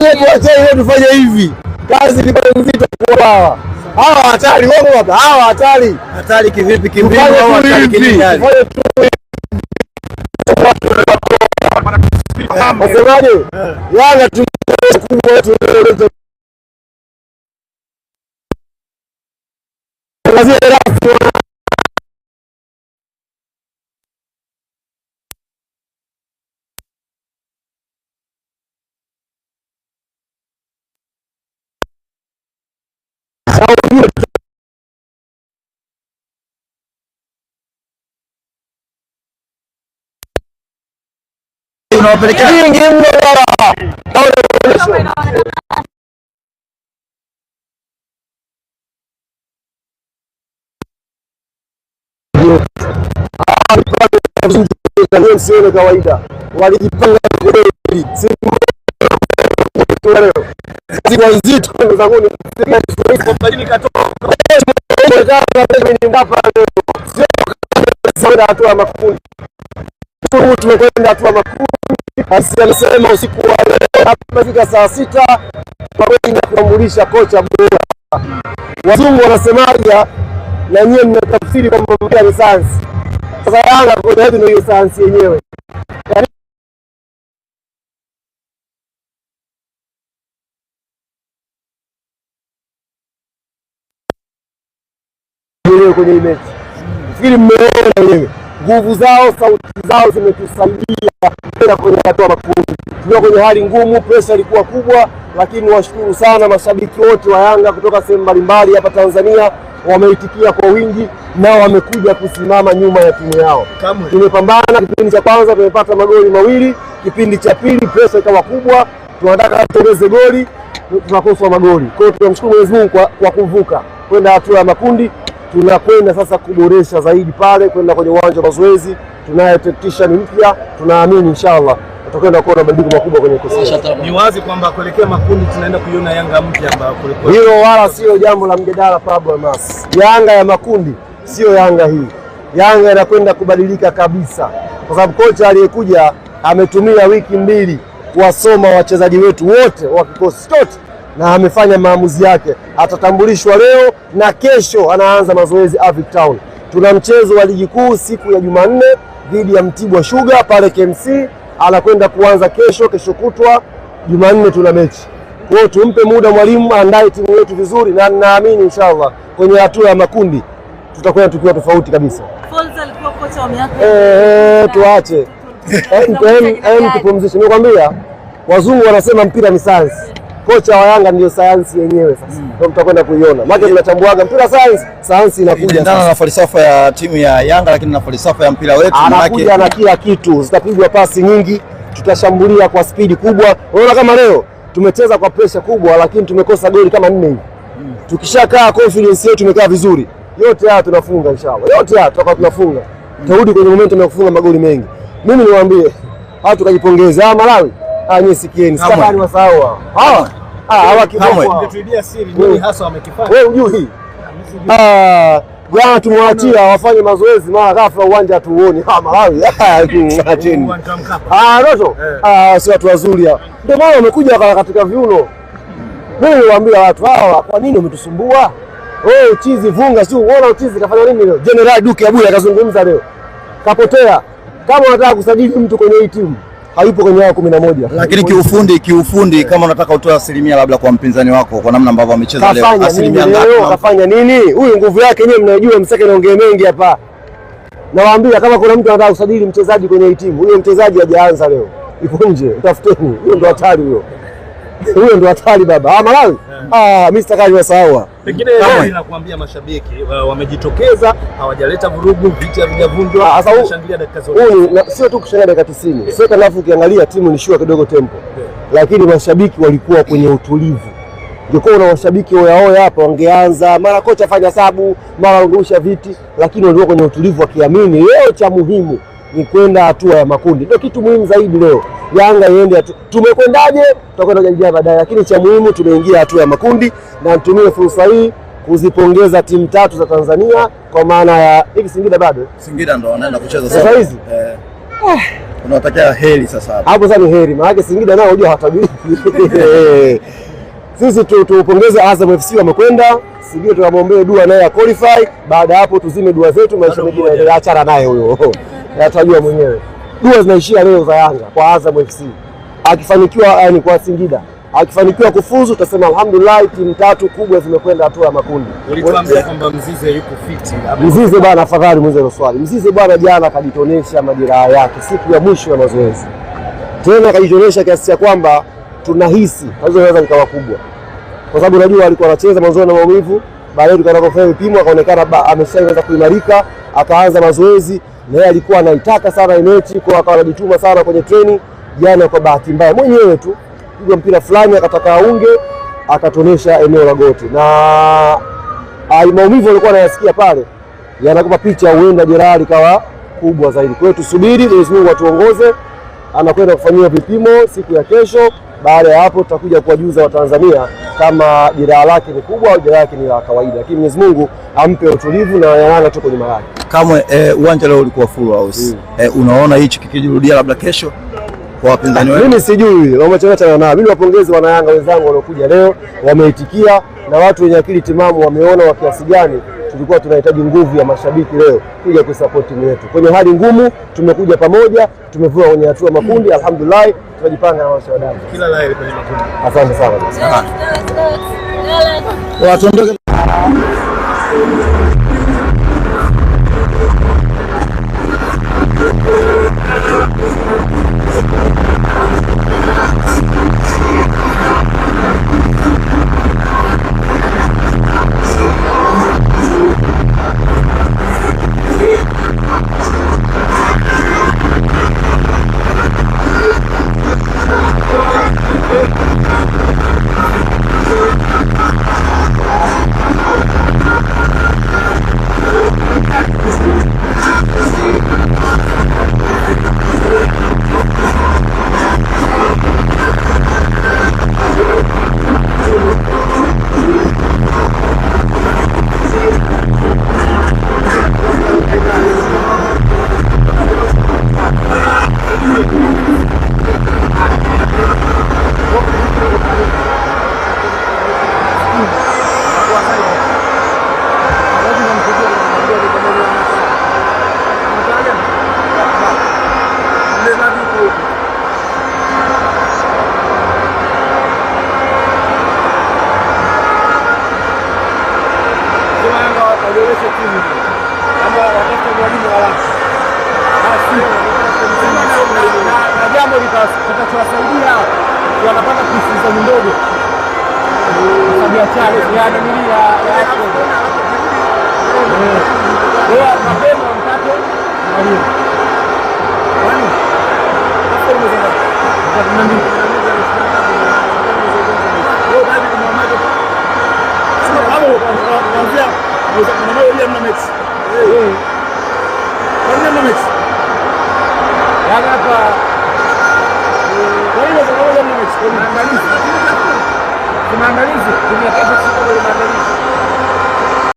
Wacheni tufanye hivi kazi ni nzito hawa hawa hatari hawa hatari. Hatari kivipi? Wasemaje? Yanga tumkubwa wetu lazima ouvir Ninguém kawaida walijipanga kweli ziko nzito ndugu hatua makundi, tumekwenda hatua makundi. Basi amesema usiku wa leo fika saa sita kwa kutambulisha kocha bora. Wazungu wanasemaja na nyie mnatafsiri kwamba mpira ni sayansi. Sasa Yanga kocha yetu ndio sayansi yenyewe. wenyewe kwenye hii mechi. Nafikiri mmeona wenyewe nguvu zao, sauti zao zimetusaidia tena kwenye hatua makundi. Tulikuwa kwenye hali ngumu, presha ilikuwa kubwa, lakini washukuru sana mashabiki wote wa Yanga kutoka sehemu mbalimbali hapa Tanzania wameitikia kwa wingi na wamekuja kusimama nyuma ya timu yao. Tumepambana kipindi cha kwanza, tumepata magoli mawili. Kipindi cha pili presha ikawa kubwa, tunataka tuongeze goli, tunakoswa magoli. Kwa hiyo tunamshukuru Mwenyezi Mungu kwa kuvuka kwenda hatua ya makundi tunakwenda sasa kuboresha zaidi pale, kwenda kwenye uwanja wa mazoezi. Tunaye technician mpya, tunaamini inshallah tutakwenda kuona mabadiliko makubwa kwenye kikosi. Ni wazi kwamba kuelekea makundi tunaenda kuiona Yanga mpya ambayo kulikuwa. Hilo wala sio jambo la mjadala Pablo Mas. Yanga ya makundi sio Yanga hii. Yanga inakwenda kubadilika kabisa, kwa sababu kocha aliyekuja ametumia wiki mbili kuwasoma wachezaji wetu wote wa kikosi chote na amefanya maamuzi yake, atatambulishwa leo na kesho anaanza mazoezi Avic Town. Tuna mchezo wa ligi kuu siku ya Jumanne dhidi ya Mtibwa Sugar pale KMC, anakwenda kuanza kesho, kesho kutwa Jumanne tuna mechi. Kwa hiyo tumpe muda mwalimu andae timu yetu vizuri, na naamini inshallah kwenye hatua ya makundi tutakuwa tukiwa tofauti kabisa. Eh, eh, eh, tuache tupumzishe, nikwambia wazungu wanasema mpira ni sayansi kocha wa Yanga ndio sayansi yenyewe sasa. Hmm. Ndio mtakwenda kuiona. Maana tunachambuaga mpira sayansi, sayansi inakuja sasa. Na falsafa ya timu ya Yanga lakini na falsafa ya mpira wetu maana yake anakuja na kila kitu. Zitapigwa pasi nyingi, tutashambulia kwa spidi kubwa. Unaona kama leo tumecheza kwa presha kubwa lakini tumekosa goli kama nne hivi. Hmm. Tukishakaa confidence yetu imekaa vizuri. Yote haya tunafunga inshallah. Yote haya tutakuwa tunafunga. Hmm. Tarudi kwenye momentum ya kufunga magoli mengi. Mimi niwaambie, hata tukajipongeza Malawi. Ah, nyinyi sikieni. Sasa ni wasahau hawa. Hawa Ah, wewe hii ah, ah, jana wafanye mazoezi, mara ghafla uwanja tuuoni Doto eh. si watu wazuri hao, ndio maana wamekuja katika viuno. Hmm. Mimi niwaambia watu hawa, kwa nini umetusumbua? Wewe chizi vunga, si uona uchizi kafanya nini leo? General Duke Abuya akazungumza leo, kapotea. Kama unataka kusajili mtu kwenye hii timu hayupo kwenye hao kumi na moja. Lakini kiufundi, kiufundi yeah. Kama unataka utoe asilimia labda kwa mpinzani wako kwa namna ambavyo amecheza leo, asilimia ngapi kafanya nini? Huyu nguvu yake nyewe mnajua, msake naongee mengi hapa. Nawaambia kama kuna mtu anataka kusajili mchezaji kwenye timu, huyo mchezaji hajaanza leo, iko nje, utafuteni. Huyo ndo hatari huyo huyo ndo hatari baba. Ah, Malawi yeah. Ah, mimi sitakaje wasahau. Pengine nakuambia mashabiki uh, wamejitokeza, hawajaleta vurugu, viti havijavunjwa, ah, wanashangilia dakika zote. Sio tu kushangilia dakika 90. Second half ukiangalia timu ni shua kidogo tempo yeah. Lakini mashabiki walikuwa kwenye utulivu Ungekuwa una washabiki oyaoya hapa, wangeanza mara kocha fanya sabu, mara angeusha viti, lakini walikuwa kwenye utulivu, wakiamini leo cha muhimu ni kwenda hatua ya makundi, ndio kitu muhimu zaidi leo. Yanga iende hatua, tumekwendaje, tutakwenda kujadiliana baadaye, lakini cha muhimu tumeingia hatua ya makundi, na nitumie fursa hii kuzipongeza timu tatu za Tanzania kwa maana ya hivi Singida bado Singida ndo wanaenda kucheza sasa hizi eh. Ah. Unawatakia heri sasa hapo. Hapo sasa ni heri, maana yake Singida nao unajua hawatabiriki. Sisi tu tupongeze Azam FC wamekwenda Singida, tukamwombee dua naye ya qualify. Baada ya hapo tuzime dua zetu, maisha mengine achana naye huyo. yatajua mwenyewe. Dua zinaishia leo za Yanga kwa Azam FC, akifanikiwa yani kwa Singida akifanikiwa kufuzu utasema alhamdulillah, timu tatu kubwa zimekwenda hatua ya makundi. Ulituambia kwamba Mzize yuko fit. Mzize bwana, afadhali mwenze hilo swali. Mzize bwana, jana akajitonesha majeraha yake siku ya mwisho ya mazoezi, tena akajitonesha kiasi cha kwamba tunahisi tatizo linaweza likawa kubwa, kwa sababu unajua alikuwa anacheza mwanzoni na maumivu, baadaye tukaenda kufanya vipimo akaonekana ameshaweza kuimarika, akaanza mazoezi naye alikuwa anaitaka sana mechi, kwa akawa anajituma sana kwenye treni. Jana kwa bahati mbaya mwenyewe tu pigwa mpira fulani, akataka aunge, akatonesha eneo la goti, na ah, maumivu alikuwa anayasikia pale yanakupa picha, huenda jeraha likawa kubwa zaidi. Kwa hiyo tusubiri, Mwenyezi Mungu atuongoze. Anakwenda kufanyiwa vipimo siku ya kesho. Baada ya hapo, tutakuja kuwajuza Watanzania kama jeraha lake ni kubwa au jeraha lake ni la kawaida, lakini Mwenyezi Mungu ampe utulivu na tu tuko nyuma yake. Kamwe eh, uwanja leo ulikuwa full house mm. E, eh, unaona hichi kikijirudia labda kesho kwa wapinzani wao, mimi sijui wamechangana. Mimi niwapongeze wanayanga wenzangu waliokuja leo, wameitikia na watu wenye akili timamu wameona wa kiasi gani tulikuwa tunahitaji nguvu ya mashabiki leo kuja kusupport timu yetu kwenye hali ngumu. Tumekuja pamoja, tumevua kwenye hatua makundi, alhamdulillah, tunajipanga na wasiwadamu Kila la heri kwenye makundi. Asante sana. walioresha timu ama watafuta mwalimu haraka, basi na jambo litakachowasaidia wanapata pisizani ndogo za biashara ya namilia yako mapema wamtake mwalimu kuanzia Mwen mwen mwen mwen mwen mwen